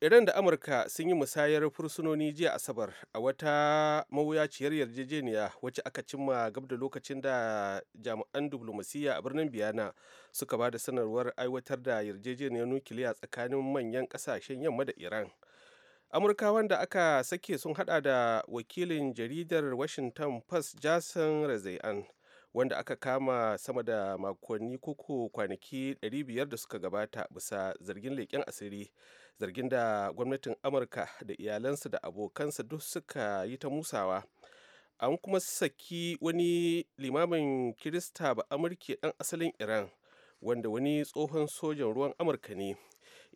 iran da amurka sun yi musayar fursunoni jiya asabar a wata mawuyaciyar yarjejeniya wacce aka cimma gab da lokacin da jami'an diplomasiyya a birnin biyana suka ba da sanarwar aiwatar da yarjejeniyar nukiliya tsakanin manyan kasashen yamma da iran Amurka da aka sake sun hada da wakilin jaridar washington post jason rezaian wanda aka kama sama da makonni koko kwanaki 500 da suka gabata bisa zargin leƙen asiri zargin da gwamnatin amurka da iyalansa da abokansa duk suka yi ta musawa an kuma saki wani limamin kirista ba amurke ɗan asalin iran wanda wani tsohon sojan ruwan amurka ne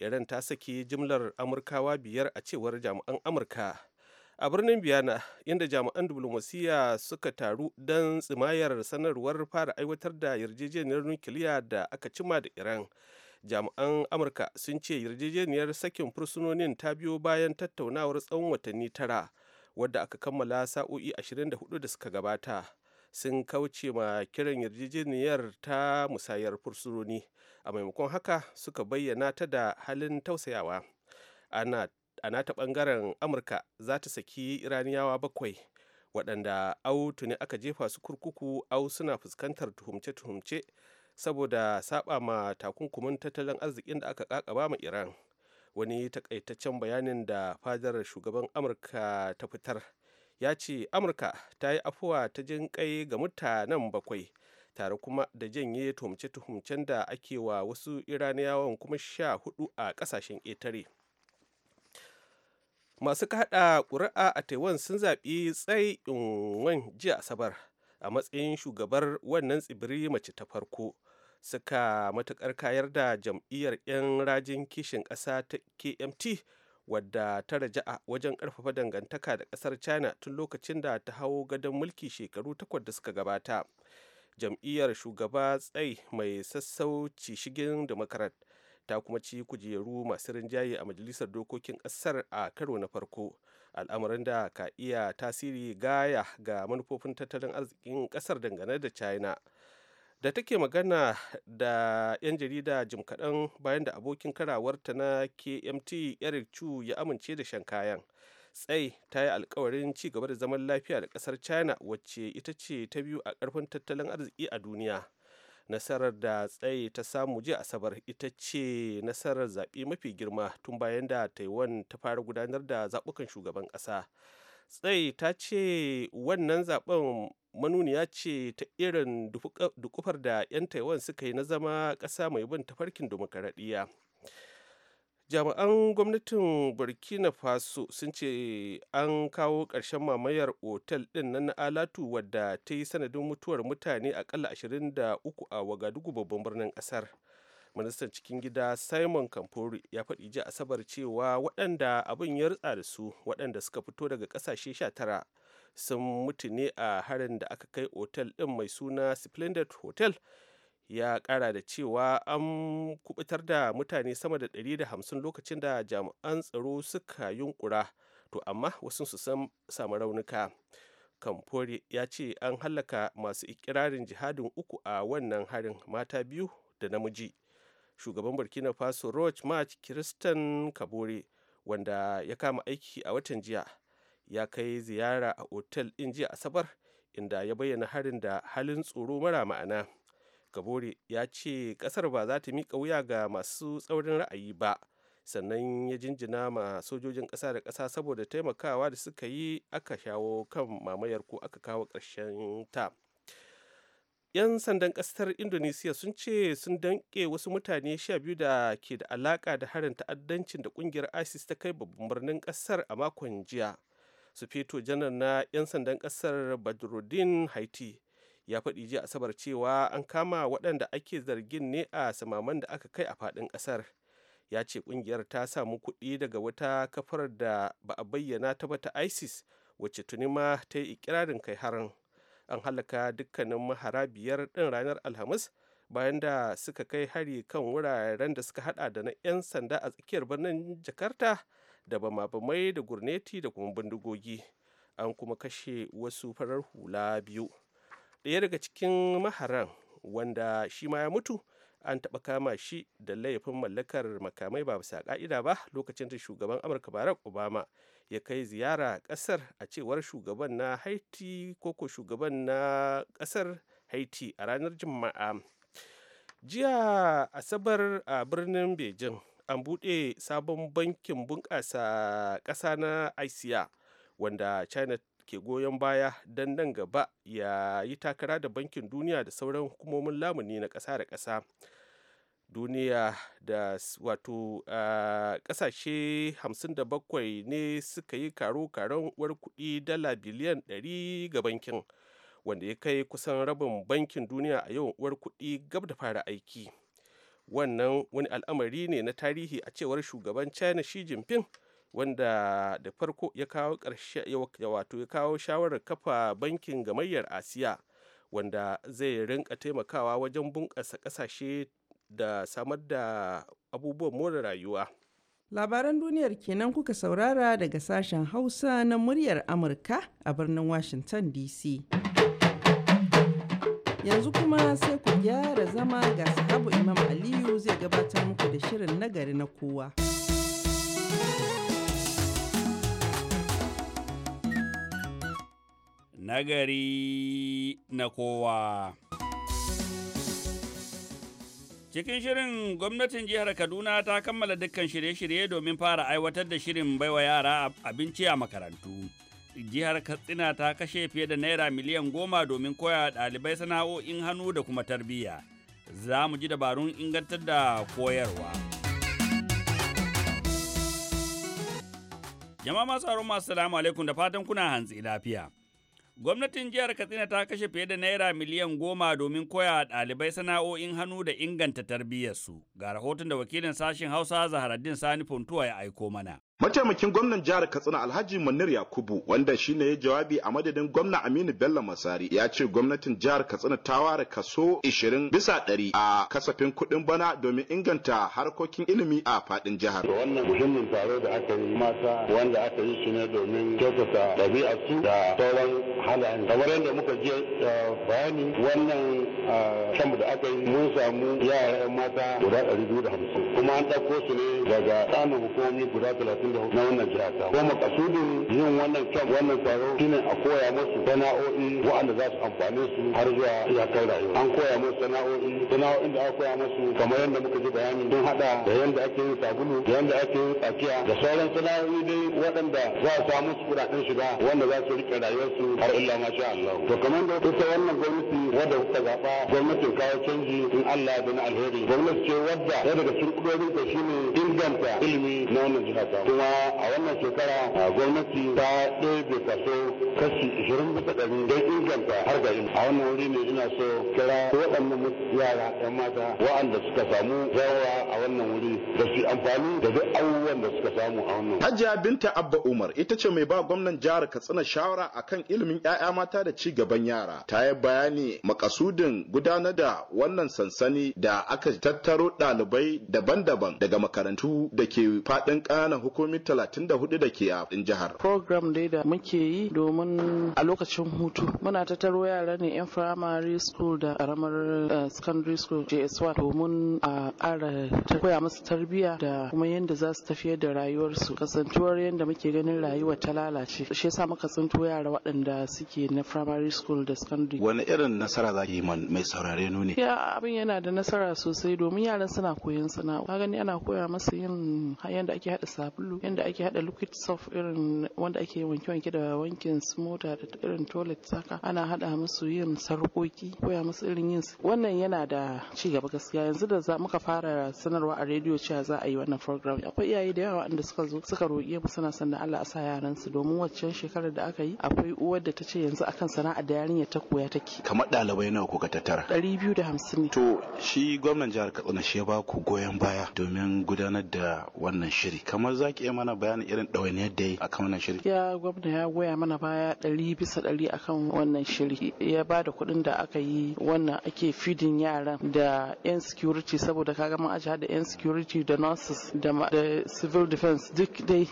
iran ta saki jimlar amurkawa biyar a cewar jami'an amurka a birnin biyana inda jami'an diplomasiya suka taru don tsimayar sanarwar fara aiwatar da yarjejeniyar nukiliya da aka cima da iran jami'an amurka sun ce yarjejeniyar sakin fursunonin ta biyo bayan tattaunawar tsawon watanni tara wadda aka kammala sa'o'i 24 da suka gabata sun kauce ma kiran yarjejeniyar ta musayar fursunoni a maimakon haka suka bayyana ta da halin tausayawa ana a nata bangaren amurka za ta saki iraniyawa bakwai waɗanda au tuni aka jefa su kurkuku au suna fuskantar tuhumce-tuhumce saboda saba ma takunkumin tattalin arzikin da aka kakaba ma iran wani takaitaccen bayanin da fadar shugaban amurka ta fitar ya ce amurka ta yi afuwa ta jin kai ga mutanen bakwai tare kuma da janye tuhumce-tuhumcen da ake wa wasu iraniyawan kuma sha hudu a kasashen etare masu kada kuri'a a taiwan sun zaɓi tsai in jiya asabar a matsayin shugabar wannan tsibiri mace ta farko suka matukar kayar da jam'iyyar 'yan rajin kishin ƙasa ta kmt wadda ta raja'a wajen ƙarfafa dangantaka da ƙasar china tun lokacin da ta hau gadon mulki shekaru takwas da suka gabata jam'iyyar shugaba tsai mai sassauci shigin demokrat ta kuma ci kujeru masu rinjaye a majalisar dokokin ƙasar a karo na farko al'amarin da ka iya tasiri gaya ga manufofin tattalin arzikin ƙasar dangane da china da take magana da 'yan jarida jim kaɗan bayan da abokin karawarta na kmt eric chu ya amince da shan kayan tsai ta yi alkawarin ci gaba da zaman lafiya da ƙasar china wacce ita ce ta biyu a ƙarfin tattalin arziki a duniya nasarar da tsaye ta samu jiya asabar ita ce nasarar zaɓe mafi girma tun bayan da taiwan ta fara gudanar da zaɓukan shugaban ƙasa tsaye ta ce wannan zaɓen manuniya ce ta irin dukufar da 'yan taiwan suka yi na zama ƙasa mai bin tafarkin dimokuraɗiyya jami'an gwamnatin burkina faso sun ce an kawo ƙarshen mamayar otal ɗin na alatu wadda ta yi sanadin mutuwar mutane akalla 23 a wagadugu babban birnin ƙasar ministan cikin gida simon kamfori ya faɗi ji asabar cewa waɗanda abin ya rutsa da su waɗanda suka fito daga ƙasashe 19 sun mutu ne a harin da aka kai otel ɗin mai suna splendid hotel ya ƙara da cewa an kubutar da mutane sama da 150 lokacin da jami'an tsaro suka yunkura to amma wasu su san samu raunuka kamfori ya ce an hallaka masu ikirarin jihadin uku a wannan harin mata biyu da namiji shugaban burkina faso roch march christian kabore wanda ya kama aiki a watan jiya ya kai ziyara a otel ɗin jiya asabar inda ya bayyana harin da halin tsoro mara ma'ana gabore ya ce ƙasar ba za ta miƙa wuya ga masu tsaurin ra'ayi ba sannan ya jinjina ma sojojin ƙasa da ƙasa saboda taimakawa da suka yi aka shawo kan mamayar ko aka kawo ƙarshen ta 'yan sandan ƙasar indonesiya sun ce sun danƙe wasu mutane sha biyu da ke da alaƙa da harin ta'addancin da ƙungiyar isis ta kai babban birnin ƙasar a makon jiya su feto janar na 'yan sandan kasar badrudin haiti ya faɗi jiya asabar cewa an kama waɗanda ake zargin ne a samaman da aka kai a faɗin ƙasar ya ce ƙungiyar ta samu kuɗi daga wata kafar da ba a bayyana ta ba ta isis wacce tuni ma ta yi ikirarin kai harin an halaka dukkanin mahara biyar ɗin ranar alhamis bayan da suka kai hari kan wuraren da suka hada da na 'yan sanda a tsakiyar birnin jakarta da bama da gurneti da kuma bindigogi an kuma kashe wasu farar hula biyu ɗaya daga cikin maharan wanda shi ma ya mutu an taɓa kama shi da laifin mallakar makamai ba bisa ƙa'ida ba lokacin da shugaban amurka barack obama ya kai ziyara ƙasar a cewar shugaban na haiti koko shugaban na ƙasar haiti a ranar juma'a jiya asabar a birnin beijing an buɗe sabon bankin bunƙasa ƙasa na asiya wanda china ke goyon baya don nan gaba ya yi takara da bankin duniya da sauran hukumomin lamuni na ƙasa da ƙasa duniya da wato ƙasashe 57 ne suka yi karo-karon uwar kuɗi dala biliyan 100 ga bankin wanda ya kai kusan rabin bankin duniya a yau uwar kuɗi gab da fara aiki wannan wani al'amari ne na tarihi a cewar shugaban china shi jinping wanda da farko ya kawo wato ya kawo shawarar kafa bankin gamayyar asiya wanda zai rinka taimakawa wajen bunƙasa ƙasashe da samar da abubuwan more rayuwa labaran duniyar kenan kuka saurara daga sashen hausa na muryar amurka a birnin washington dc Yanzu kuma sai ku gyara zama ga sahabu Imam Aliyu zai gabatar muku da shirin nagari na kowa. Nagari na kowa. Cikin shirin gwamnatin jihar Kaduna ta kammala dukkan shirye-shirye domin fara aiwatar da shirin baiwa yara abinci a makarantu. jihar katsina ta kashe fiye da naira miliyan goma domin koya ɗalibai sana'o'in hannu da kuma tarbiyya za mu ji dabarun ingantar da koyarwa jama'a masu aron masu salamu alaikum da fatan kuna hantsi lafiya gwamnatin jihar katsina ta kashe fiye da naira miliyan goma domin koya ɗalibai sana'o'in hannu da inganta tarbiyyarsu ga rahoton da wakilin sashen hausa zaharaddin sani funtuwa ya aiko mana Mataimakin gwamnan jihar Katsina Alhaji Munir Yakubu wanda shine ya jawabi a madadin gwamna Aminu Bello Masari ya ce gwamnatin jihar Katsina ta ware kaso 20 bisa 100 a kasafin kuɗin bana domin inganta harkokin ilimi a faɗin jihar. wannan muhimmin taro da aka yi mata wanda aka yi shi ne domin kyautata ɗabi'a su da sauran halayen. Kamar yadda muka je eh, bayani wannan kanmu eh, da aka yi mun samu yara mata guda 250 kuma an ɗauko su ne daga tsamin hukumomi guda 30 Zazzau na wannan jiha Ko makasudin yin wannan kyan wannan taro shine a koya musu sana'o'i waɗanda za su amfane su har zuwa iyakar rayuwa. An koya musu sana'o'i sana'o'in da aka koya musu kamar yadda muka ji bayani don haɗa da yadda ake yin sabulu da yadda ake yin tsakiya da sauran sana'o'i dai waɗanda za su samu su kuɗaɗen shiga wanda za su riƙe rayuwarsu har illa ma sha Allah. To kamar da kusa wannan gwamnati wadda kuka zaɓa gwamnatin kawo canji in Allah da na alheri. Gwamnati ce wadda ɗaya daga cikin kuɗoɗin ta shine inganta ilimi na wannan jiha ta. kuma a wannan shekara gwamnati ta ɗebe kaso kashi ishirin bisa ɗari don inganta har gari a wannan wuri ne ina so kira waɗannan yara 'yan mata wa'anda suka samu yawa a wannan wuri da su amfani da duk abubuwan da suka samu a wannan. Hajiya Binta Abba Umar ita ce mai ba gwamnan jihar Katsina shawara akan ilimin 'ya'ya mata da ci gaban yara. Ta yi bayani makasudin gudanar da wannan sansani da aka tattaro ɗalibai daban-daban daga makarantu da ke faɗin ƙananan hukumi gundumomi 34 da ke a jihar. Program dai da muke yi domin a lokacin hutu muna tattaro yara ne 'yan firamare school da karamar eh, secondary school JS1 domin a ƙara koya musu tarbiyya da kuma yadda za su tafiyar da rayuwarsu kasantuwar yadda muke ganin rayuwa ta lalace shi yasa muka tsinto yara waɗanda suke na primary school da secondary. Wani irin nasara za ki man mai saurare nuni? Ya abin yana da nasara sosai domin yaran suna koyon sana'o. Ka gani ana koya masu yin yadda ake haɗa sabulu yadda ake hada liquid soap irin wanda ake wanke-wanke da wankin su mota da irin toilet saka ana hada musu yin sarkoki koya musu irin yin wannan yana da ci gaba gaskiya yanzu da za muka fara sanarwa a rediyo cewa za a yi wannan program akwai iyaye da yawa inda suka zo suka roƙi mu suna son da Allah a sa yaran su domin waccan shekarar da aka yi akwai uwar da ta ce yanzu akan sana'a da yarinya ta koya take kamar ɗalibai nawa kuka tattara 250 biyu da hamsin ne to shi gwamnan jihar Katsina shi ya ba ku goyon baya domin gudanar da wannan shiri kamar zaki iya mana bayanin irin ɗawainiyar da ya yi kan wannan shiri ya gwamna ya goya mana baya ɗari bisa ɗari a kan wannan shiri ya ba da kuɗin da aka yi wannan ake fidin yaran da yan security saboda kaga mun aji da yan security da nurses da civil defense duk dai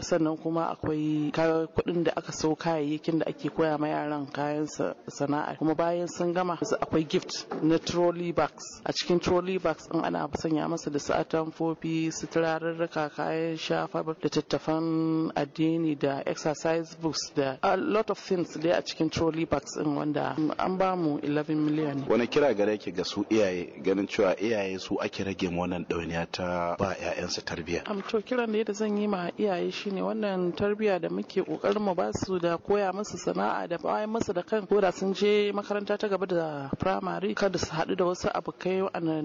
sannan kuma akwai kuɗin da aka sau kayayyakin da ake koya ma yaran kayan sana'a kuma bayan sun gama akwai gift na trolley bags a cikin trolley bags in ana sanya masa da su atamfofi su turarurruka kayan da littattafan addini da exercise books da a lot of things dai a cikin trolley bags din wanda an ba mu 11 million. wani kira gare ki ga su iyaye ganin cewa iyaye su ake rage wannan dauniya ta ba 'ya'yansu tarbiyya am to kiran da zan yi ma iyaye shine wannan tarbiyya da muke kokarin mu ba su da koya musu sana'a da bayan musu da kan koda sun je makaranta ta gaba da primary kada su haɗu da wasu abokai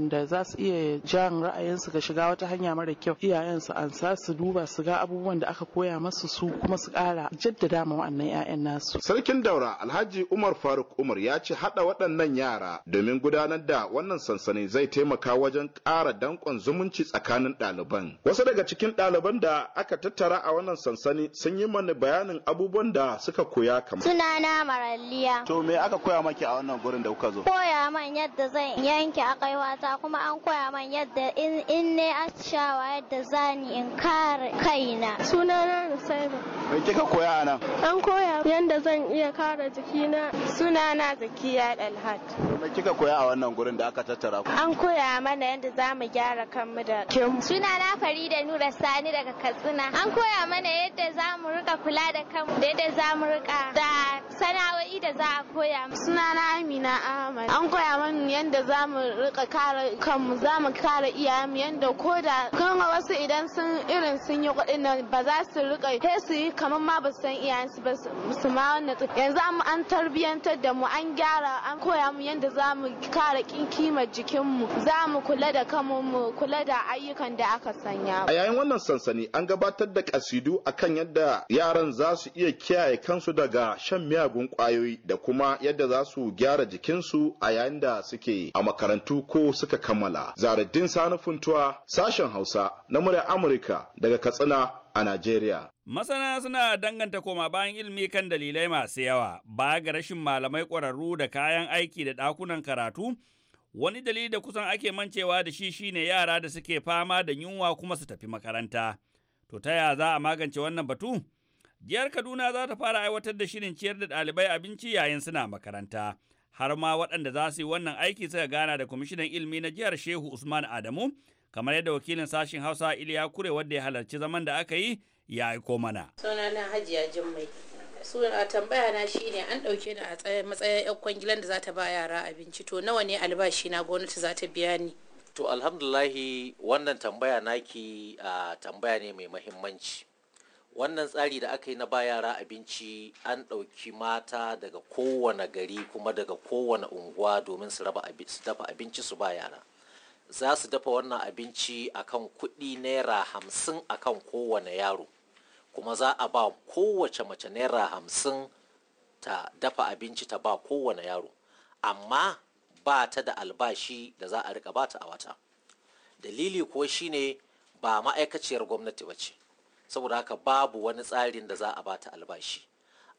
da za su iya jan ra'ayinsu ga shiga wata hanya mara kyau iyayen su an sa su duba su ga abubuwan da aka koya masu su kuma su ƙara jaddada ma wa'annan 'ya'yan nasu. Sarkin Daura Alhaji Umar Faruk Umar ya ce haɗa waɗannan yara domin gudanar da wannan sansani zai taimaka wajen ƙara danƙon zumunci tsakanin ɗaliban. Wasu daga cikin ɗaliban da aka tattara a wannan sansani sun yi mana bayanin abubuwan da suka koya kamar. Sunana Maralliya. To me aka koya maki a wannan gurin da kuka zo? Koya man yadda zan yanke akaiwata kuma an koya man yadda in ne a yadda zani in kare. kare kaina. Sunana Nusaiba. Mai kika koya ana? An koya yadda zan iya kare jikina. Sunana Zakiya Dalhat. Mai kika koya a wannan gurin da aka tattara ku? An koya mana yadda za mu gyara kanmu da Suna Sunana Farida Nura Sani daga Katsina. An koya mana yadda za mu rika kula da kanmu da yadda za mu rika da sana'o'i da za a koya. Sunana Amina Ahmad. An koya mana yadda za mu rika kare kanmu, za mu kare iyayenmu yadda ko da kan wasu idan sun irin idan sun yi kudin nan ba za su rika he su yi kamar ma ba san iyayensu ba su ma natsu yanzu an tarbiyyantar da mu an gyara an koya mu yadda za mu kare kimar jikinmu za mu kula da kanmu mu kula da ayyukan da aka sanya a yayin wannan sansani an gabatar da kasidu akan yadda yaran za su iya kiyaye kansu daga shan miyagun kwayoyi da kuma yadda za su gyara jikinsu a yayin da suke a makarantu ko suka kammala zaradin sanufin tuwa sashen hausa na murya amurka daga Katsina a Najeriya. Masana suna danganta koma bayan ilimi kan dalilai masu yawa, ba ga rashin malamai ƙwararru da kayan aiki da ɗakunan karatu, wani dalili da kusan ake mancewa da shi shine yara da suke fama da yunwa kuma su tafi makaranta. To ta ya za a magance wannan batu? Jihar Kaduna za ta fara aiwatar da shirin ciyar da ɗalibai abinci yayin suna makaranta. Har ma waɗanda za su yi wannan aiki suka gana da kwamishinan ilimi na jihar Shehu Usman Adamu kamar yadda wakilin sashen hausa iliya kure wadda ya halarci zaman da aka yi ya aiko mana sunana hajiya jimmai suna tambaya na shine an dauke ni a matsayin yan kwangilan da zata ba yara abinci to nawa ne albashi na gwamnati zata biya ni to alhamdulahi wannan tambaya naki a tambaya ne mai muhimmanci wannan tsari da aka yi na ba yara abinci an ɗauki mata daga kowane gari kuma daga kowane unguwa domin su dafa abinci su ba yara za su dafa wannan abinci a kan kuɗi naira hamsin a kan kowane yaro kuma za a ba kowace mace naira hamsin ta dafa abinci ta ba kowane yaro amma ba ta da albashi da za a rika ba ta a wata dalili kuwa shine ba ma'aikaciyar gwamnati ba ce saboda haka babu wani tsarin da za a ba ta albashi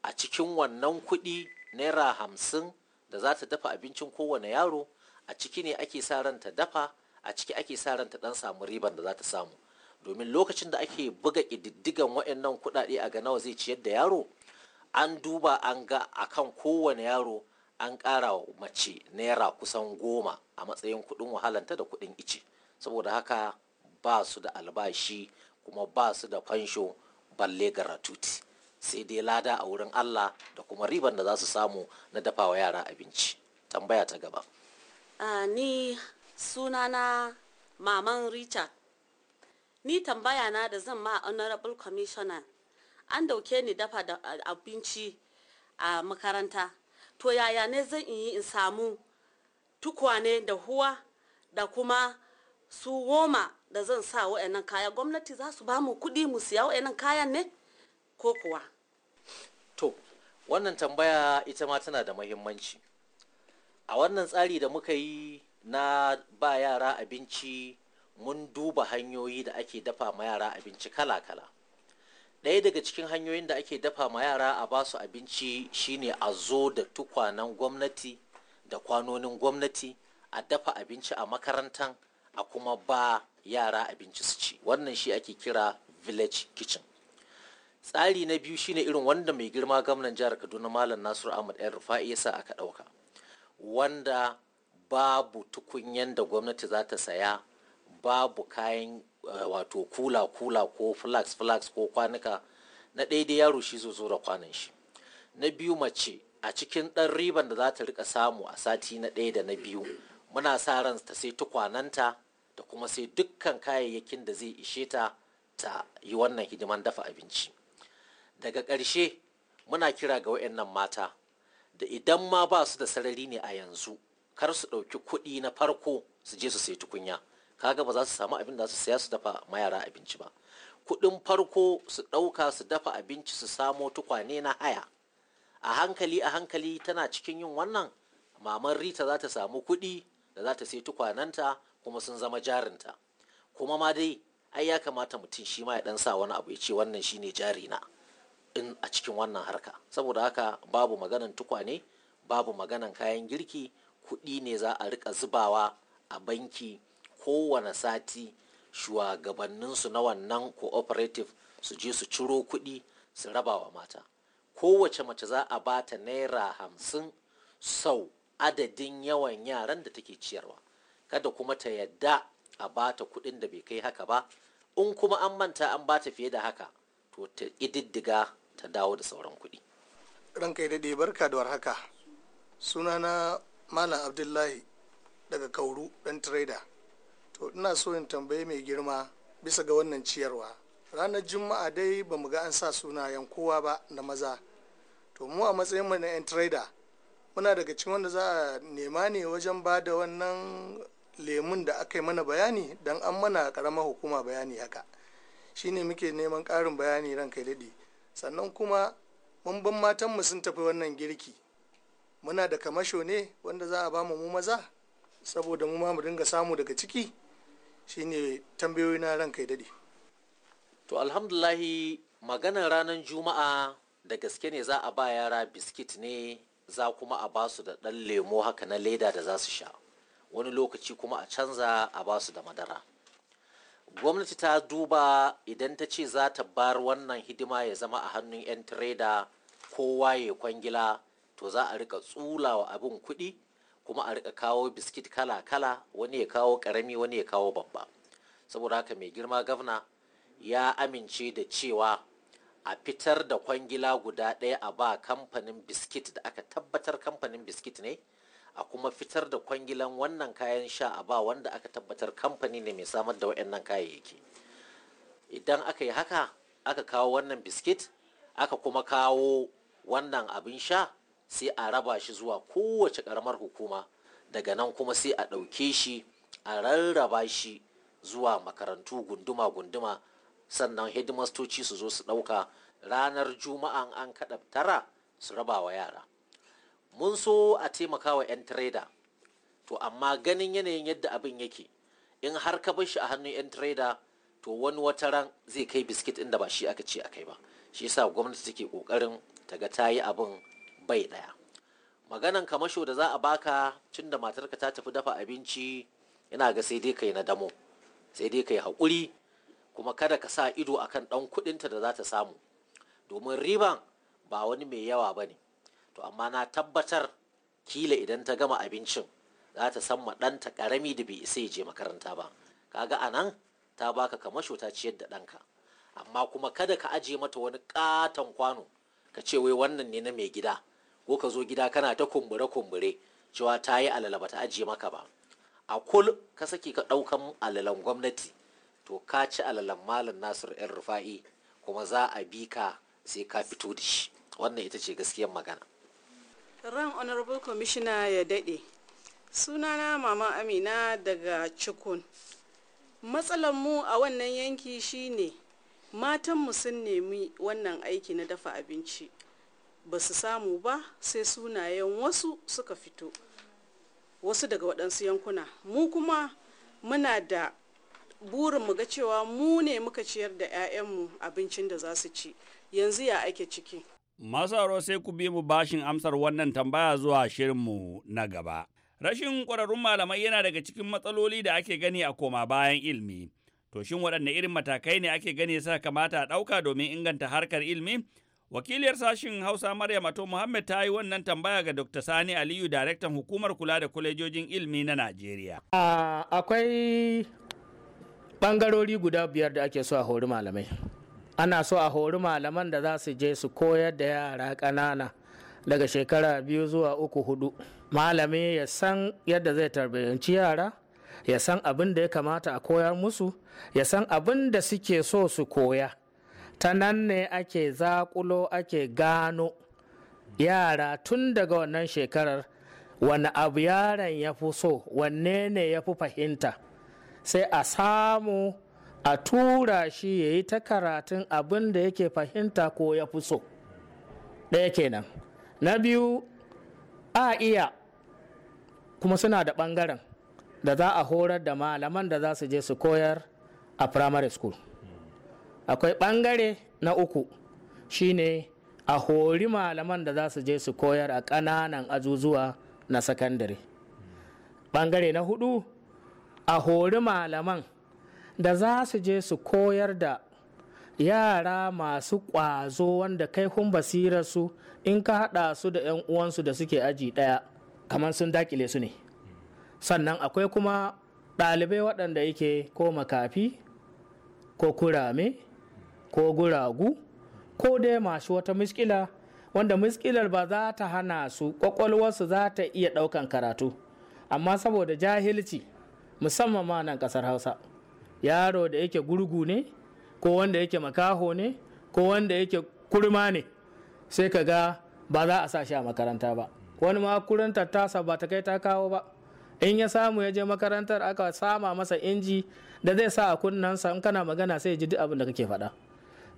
a cikin wannan kuɗi naira hamsin da za ta dafa abincin kowane yaro a ciki ne ake sa ran ta dafa a ciki ake sa ranta ta dan samu riban da za ta samu domin lokacin da ake buga ƙididdigan waɗannan kuɗaɗe a ga nawa zai ciyar da yaro an duba an ga akan kowane yaro an ƙara mace naira kusan goma a matsayin kuɗin wahalanta da kuɗin ice saboda haka ba su da albashi kuma ba su da fansho balle ratuti sai dai lada a wurin allah da kuma riban da za su samu na dafawa yara abinci tambaya ta gaba A ah, ni sunana maman richard ni tambaya na da zan ma honorable commissioner an dauke ni dafa da ah, abinci a makaranta to yaya ne zan yi in samu tukwane da huwa da kuma su goma da zan sa wa'annan kaya gwamnati za su ba mu kudi mu siya wa'annan kayan ne ko kuwa to wannan tambaya ita ma tana da muhimmanci a wannan tsari da muka yi na ba yara abinci mun duba hanyoyi da ake dafa ma yara abinci kala-kala ɗaya daga cikin hanyoyin da ake dafa ma yara a basu abinci shine a zo da tukwanen gwamnati da kwanonin gwamnati a dafa abinci a makarantan a kuma ba yara abinci su ci wannan shi ake kira village kitchen tsari na biyu shine irin wanda mai girma gwamnan jihar kaduna malam nasiru ahmad yan rufa'i yasa aka ɗauka wanda babu tukunyen da gwamnati za ta saya babu kayan eh, wato kula-kula ko flax-flax ko kwanuka na daidai yaro shi zo da kwanan shi na biyu mace a cikin ɗan riban da za ta rika samu a sati na ɗaya da na biyu muna sa ran ta sai tukwananta da kuma sai dukkan kayayyakin da zai ishe ta ta yi wannan hidiman dafa abinci daga ƙarshe muna kira ga wayannan mata da idan ma ba su da sarari ne a yanzu kar su ɗauki kuɗi na farko su je su sayi tukunya kaga ba za su samu abin da su saya su dafa mayara abinci ba kuɗin farko su ɗauka su dafa abinci su samo tukwane na haya a hankali a hankali tana cikin yin wannan maman rita za ta samu kuɗi da za ta sai tukwananta kuma sun zama jarinta kuma ma dai ai ya kamata mutum shi ma ya ɗan sa wani abu ya ce wannan shine jarina in a cikin wannan harka saboda haka babu maganan tukwane babu maganan kayan girki kuɗi ne za a rika zubawa a banki kowane sati shugabannin su na wannan cooperative su je su ciro kuɗi su raba wa mata kowace mace za a ba ta naira hamsin sau adadin yawan yaran da take ciyarwa kada kuma ta yadda a ba ta kuɗin da bai kai haka ba in kuma an manta an ba ta fiye da haka to ta ididdiga ta dawo da sauran kuɗi ranka yi daɗe barka da warhaka na malam abdullahi daga kauru ɗan trader to ina so in tambaye mai girma bisa ga wannan ciyarwa ranar juma'a dai ba mu ga an sa sunayen kowa ba na maza to mu a matsayin mu na 'yan trader muna daga cikin wanda za a nema ne wajen ba da wannan lemun da aka yi mana bayani don an mana karamar hukuma bayani haka shi ne muke neman ƙarin bayani ran kai daɗe. sannan kuma mun matan matanmu sun tafi wannan girki muna da kamasho ne wanda za a bamu mu maza saboda mu ma mu dinga samu daga ciki shine tambayoyi na ranka ya dade to alhamdulahi maganar ranar juma'a da gaske ne za a ba yara biskit ne za kuma a ba su da ɗan lemo haka na leda da za su sha wani lokaci kuma a canza a ba su da madara gwamnati ta duba idan ta ce za ta bar wannan hidima ya zama a hannun 'yan tireda kowa ya kwangila to za a rika wa abin kuɗi kuma a rika kawo biskit kala-kala wani ya kawo ƙarami wani ya kawo babba saboda haka mai girma gavna ya amince da cewa a fitar da kwangila guda ɗaya a ba kamfanin biskit da aka tabbatar kamfanin biskit ne a kuma fitar da kwangilan wannan kayan sha a ba wanda aka tabbatar kamfani ne mai samar da waɗannan kayayyaki idan aka yi haka aka kawo wannan biskit aka kuma kawo wannan abin sha sai a raba shi zuwa kowace karamar hukuma daga nan kuma sai a ɗauke shi a rarraba shi zuwa makarantu gunduma-gunduma sannan hidimastoci su zo su ɗauka ranar juma'an an kaɗa tara su raba wa yara mun so a taimaka wa 'yan trader to amma ganin yanayin yadda abin yake in har ka bar shi a hannun 'yan trader to wani wata ran zai kai biskit inda ba shi aka ce a kai ba shi yasa gwamnati take kokarin ta ga ta yi abin bai daya maganan kamasho da za a baka tun da matarka ta tafi dafa abinci yana ga sai dai kai na damo sai dai kai haƙuri kuma kada ka sa ido akan ɗan kuɗinta da za ta samu domin riban ba wani mai yawa ba ne to amma na tabbatar kila idan ta gama abincin za ta san ma ɗanta ƙarami da bai isa ya je makaranta ba kaga a nan ta baka kamasho ta ciyar da ɗanka amma kuma kada ka aje mata wani ƙaton kwano ka ce wai wannan ne na mai gida ko ka zo gida kana ta kumbure kumbure cewa ta yi alala ba ta aje maka ba a kul ka saki ka ɗaukan alalan gwamnati to ka ci alalan malam Nasiru yan rufa'i kuma za a bi ka sai ka fito da shi wannan ita ce gaskiyar magana ran honorable commissioner ya daɗe sunana mama amina daga cikun mu a wannan yanki shine mu sun nemi wannan aiki na dafa abinci ba su samu ba sai sunayen wasu suka fito wasu daga waɗansu yankuna mu kuma muna da burin mu ga cewa mu ne muka ciyar da mu abincin da za su ci yanzu ya ake ciki Masauro sai ku bi mu bashin amsar wannan tambaya zuwa shirinmu na gaba. Rashin ƙwararrun malamai yana daga cikin matsaloli da ake gani a koma bayan ilmi. To shin waɗanne irin matakai ne ake gani sa kamata a ɗauka domin inganta harkar ilmi? Wakiliyar sashin Hausa Maryam Ato Muhammad ta yi wannan tambaya ga Dr. Sani Aliyu, daraktan hukumar kula da kwalejojin ilmi na Najeriya. Akwai ɓangarori guda biyar da ake so a hori malamai. ana so a hori malaman da za su je su koyar da yara ƙanana daga shekara biyu zuwa uku hudu malami ya san yadda zai tarbiyyanci yara ya san abin da ya kamata a koyar musu ya san abin da suke so su koya ta nan ne ake zakulo ake gano yara tun daga wannan shekarar wani abu yaron ya fi so wanne ne ya fi fahimta sai a samu a tura shi ya yi ta karatun abin da yake fahimta ko ya fi so ɗaya kenan na biyu a iya kuma suna da ɓangaren da za a horar da malaman da za su je su koyar a primary school akwai ɓangare na uku shine a hori malaman da za su je su koyar a ƙananan azuzuwa na sakandare ɓangare na hudu a hori malaman da za su je su koyar da yara masu ƙwazo wanda kai hun su in ka haɗa su da 'yan uwansu da suke aji ɗaya kamar sun dakile su ne sannan akwai kuma ɗalibai waɗanda yake ko makafi ko kurame ko guragu ko dai masu wata miskila wanda miskilar ba za ta hana su ƙwaƙwalwarsu za ta iya ɗaukan karatu amma saboda jahilci musamman ma nan ƙasar hausa yaro da yake gurgu ne ko wanda yake makaho ne ko wanda yake kurma ne sai ka ga ba za a sa shi a makaranta ba wani ma kuranta tasa ba ta kai ta kawo ba in ya samu ya je makarantar aka sama masa inji da zai sa a kunnansa in kana magana sai ji duk abin da kake faɗa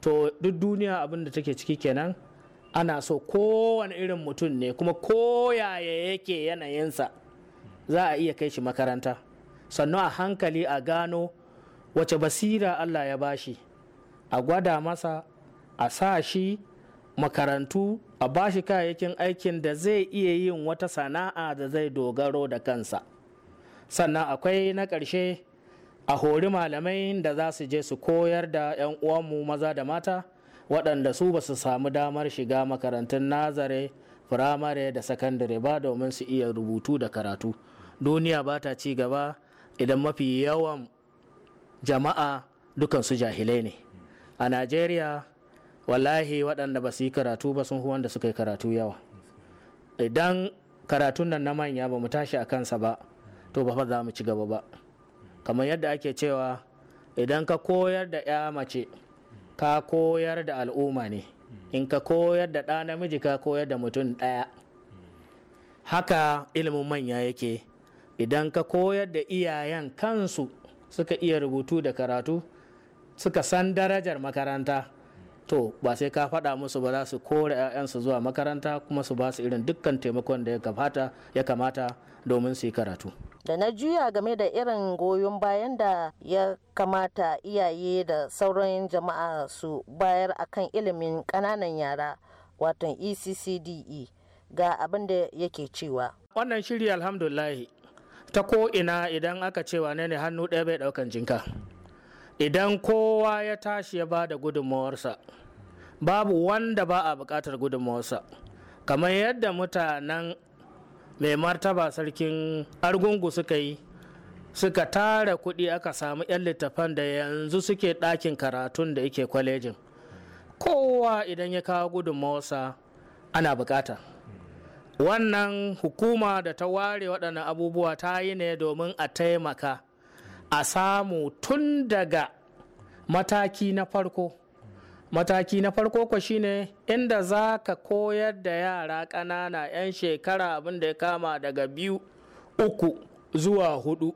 to duk duniya abin da take ciki kenan ana so kowane irin mutum ne kuma koyaya yake yanayinsa za a iya kai shi makaranta sannu a hankali a gano wace basira Allah ya bashi a gwada masa a sa shi makarantu a bashi kayayyakin aikin da zai iya yin wata sana'a da zai dogaro da kansa sannan akwai na ƙarshe a hori malamai da za su je su koyar da 'yan uwanmu maza da mata waɗanda su ba su samu damar shiga makarantun nazare firamare da sakandare ba domin su iya rubutu da karatu duniya ba ta ci gaba idan mafi yawan jama'a dukansu jahilai ne a najeriya wallahi waɗanda ba su yi karatu ba sun wanda suka yi karatu yawa idan karatun nan na manya ba mu tashi a kansa ba to ba za mu ci gaba ba kamar yadda ake cewa idan ka koyar da ya mace ka koyar da al'umma ne in ka koyar da ɗa namiji ka koyar da mutum ɗaya haka ilimin manya yake idan ka koyar da iyayen kansu suka iya rubutu da karatu suka san darajar makaranta to ba sai ka faɗa musu ba za su kore 'ya'yansu zuwa makaranta kuma su ba su irin dukkan taimakon da ya kamata domin su yi karatu da na juya game da irin goyon bayan da ya kamata iyaye da sauran jama'a su bayar akan ilimin ƙananan yara watan eccde ga abin da yake cewa wannan shiri alhamdulahi ta ko ina idan aka ce wane ne hannu ɗaya bai ɗaukan jinka idan kowa ya tashi ya ba da gudunmawarsa babu wanda ba a buƙatar gudunmawarsa kamar yadda mutanen mai martaba sarkin argungu suka yi suka tara kuɗi aka samu 'yan littafan da yanzu suke ɗakin karatun da yake kwalejin kowa idan ya kawo gudunmawarsa ana buƙata wannan hukuma da ta ware waɗannan abubuwa ta yi ne domin a taimaka a samu tun daga mataki na farko mataki na farko kwa shine inda za ka koyar da yara ƙanana 'yan shekara abin da ya kama daga biyu uku zuwa hudu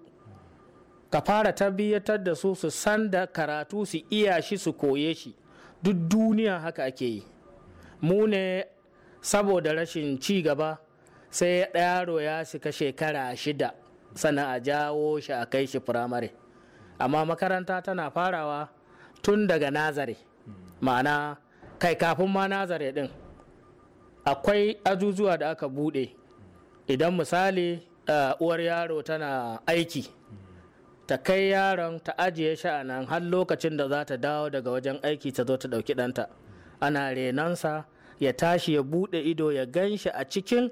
ka fara tabbatar da su su san da karatu su iya shi su koye shi duk duniya haka ake yi mu ne saboda rashin ci gaba sai yaro ya shiga shekara shida sana a jawo shi a kai shi firamare amma makaranta tana farawa tun daga nazare ma'ana kai kafin ma nazare din akwai ajujuwa da aka bude idan misali uwar yaro tana aiki ta kai yaron ta ajiye shi a nan har lokacin da za ta dawo daga wajen aiki ta zo ta ɗauki ɗanta ana renonsa. ya tashi ya bude ido ya gan shi a cikin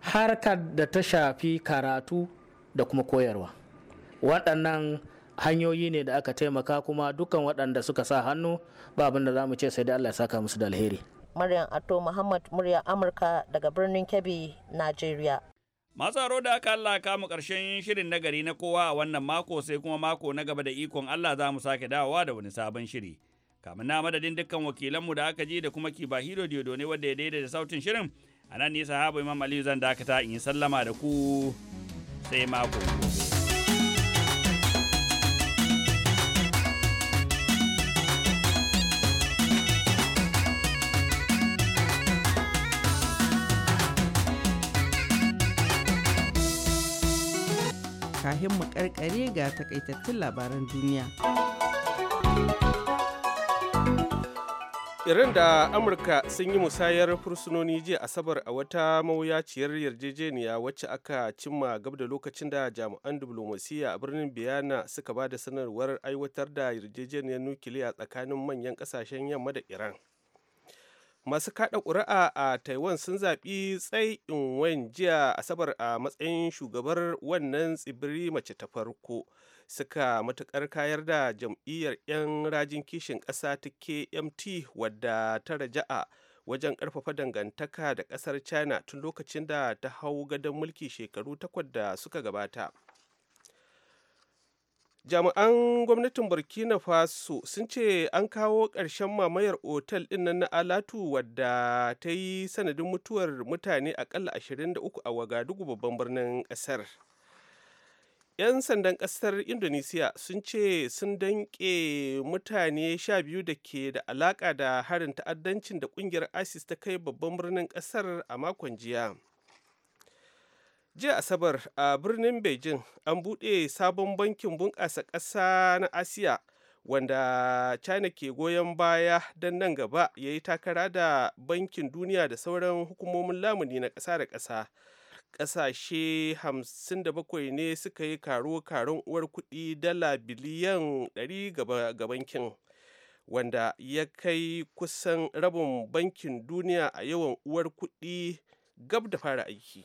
harkar da ta shafi karatu da kuma koyarwa waɗannan hanyoyi ne da aka taimaka kuma dukkan waɗanda suka sa hannu ba abin da za mu ce sai dai allah ya saka musu da alheri Maryam Ato Muhammad murya Amurka daga birnin Kebbi, Najeriya. Masu haro da aka Allah kamu ƙarshen shirin nagari na kowa a wannan mako sai kuma mako na gaba da ikon Allah za mu sake dawowa da wani sabon shiri. kamar na madadin dukkan wakilanmu da aka ji da kuma ba hiro diodo ne wadda ya daida da sautin shirin. A nan nisa habu Imam Aliyu zan dakata in yi sallama da ku sai mako kahin mu karkare ga takaitattun labaran duniya. Iran da Amurka sun yi musayar fursunoni jiya Asabar a wata mawuyaciyar yarjejeniya wacce aka cimma gab da lokacin da jami'an diplomasiya a birnin Biyana suka ba da sanarwar aiwatar da yarjejeniyar nukiliya tsakanin manyan kasashen yamma da Iran. Masu kada ƙuri'a a Taiwan sun zaɓi tsai in jiya Asabar a matsayin shugabar wannan tsibiri mace ta farko. suka matukar kayar da jam'iyyar 'yan rajin kishin ƙasa ta kmt wadda ta raja'a wajen ƙarfafa dangantaka da ƙasar china tun lokacin da ta hau gadon mulki shekaru takwas da suka gabata jami'an gwamnatin burkina faso sun ce an kawo ƙarshen mamayar otal ɗin na alatu wadda ta yi sanadin mutuwar mutane aƙalla 23 a wagadugu babban birnin ƙasar 'yan sandan kasar indonesiya sun ce sun danƙe mutane sha biyu da ke da alaƙa da harin ta'addancin da ƙungiyar isis ta kai babban birnin kasar a makon jiya jiya asabar a birnin beijing an buɗe sabon bankin bunƙasa ƙasa na asiya wanda china ke goyon baya don nan gaba ya yi takara da bankin duniya da sauran hukumomin lamuni na ƙasa da ƙasa ƙasashe 57 ne suka yi karo-karon uwar kuɗi dala biliyan 100 ga bankin wanda ya kai kusan rabin bankin duniya a yawan uwar kuɗi gab da fara aiki.